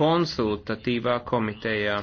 konsultatīvā komitejā.